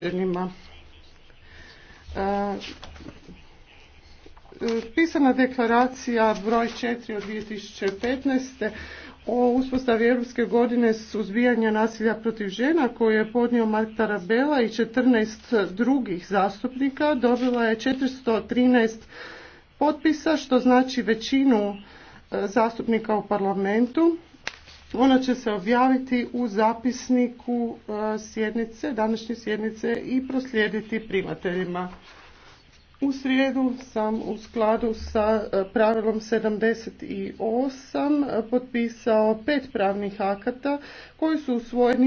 građanima. E, pisana deklaracija broj 4 od 2015. o uspostavi Europske godine suzbijanja nasilja protiv žena koju je podnio Mark Tarabela i 14 drugih zastupnika dobila je 413 potpisa što znači većinu e, zastupnika u parlamentu. Ona će se objaviti u zapisniku e, sjednice, današnje sjednice i proslijediti primateljima. U srijedu sam u skladu sa e, pravilom 78 e, potpisao pet pravnih akata koji su usvojeni